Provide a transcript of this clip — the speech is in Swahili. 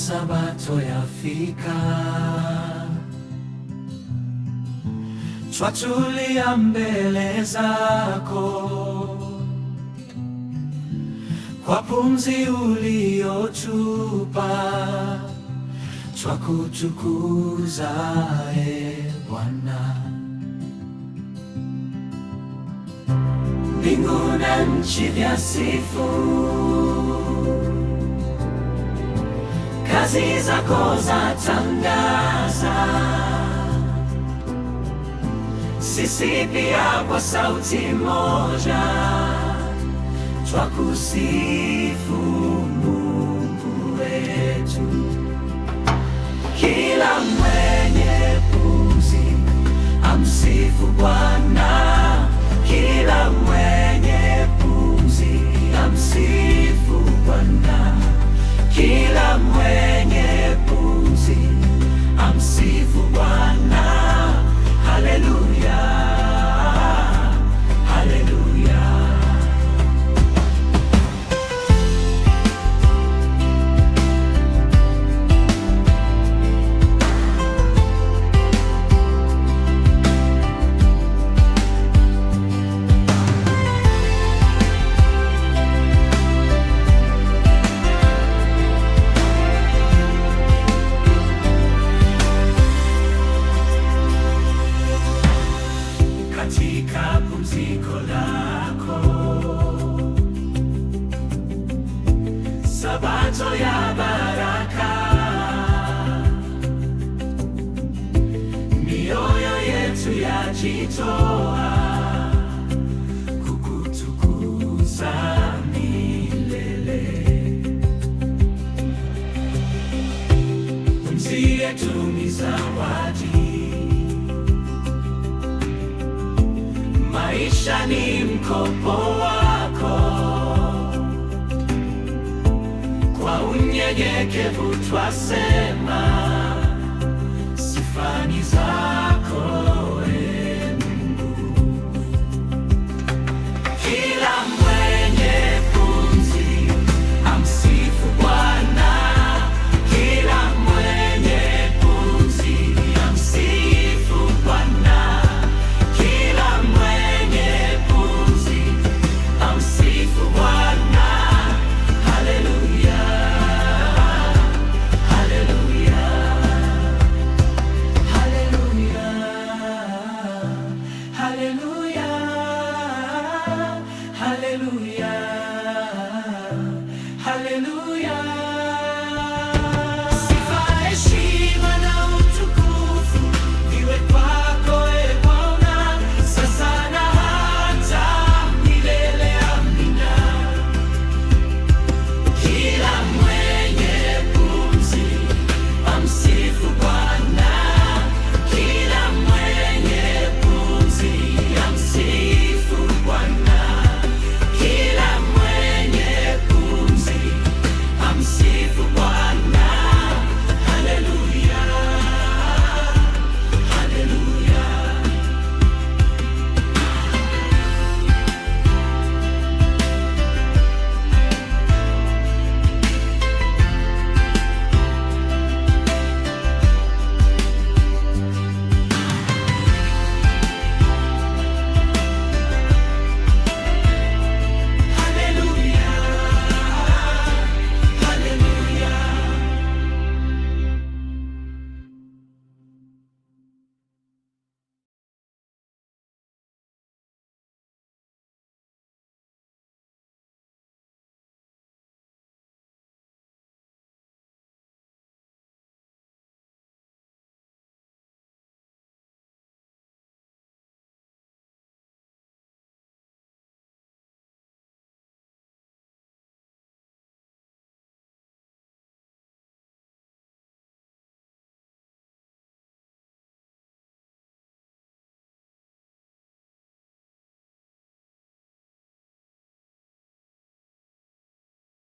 Sabato yafika, twatulia mbele zako kwa pumzi uliotupa, twakutukuza e Bwana. Mbingu na nchi vyasifu kazi zako zatangaza, sisi pia kwa sauti moja twakusifu Mungu wetu kila mwe yako, Sabato ya baraka. Mioyo yetu yajitoa kukutukuza milele. Msiye tu ni zawadi maisha ni mkopo wako. Kwa unyenyekevu twasema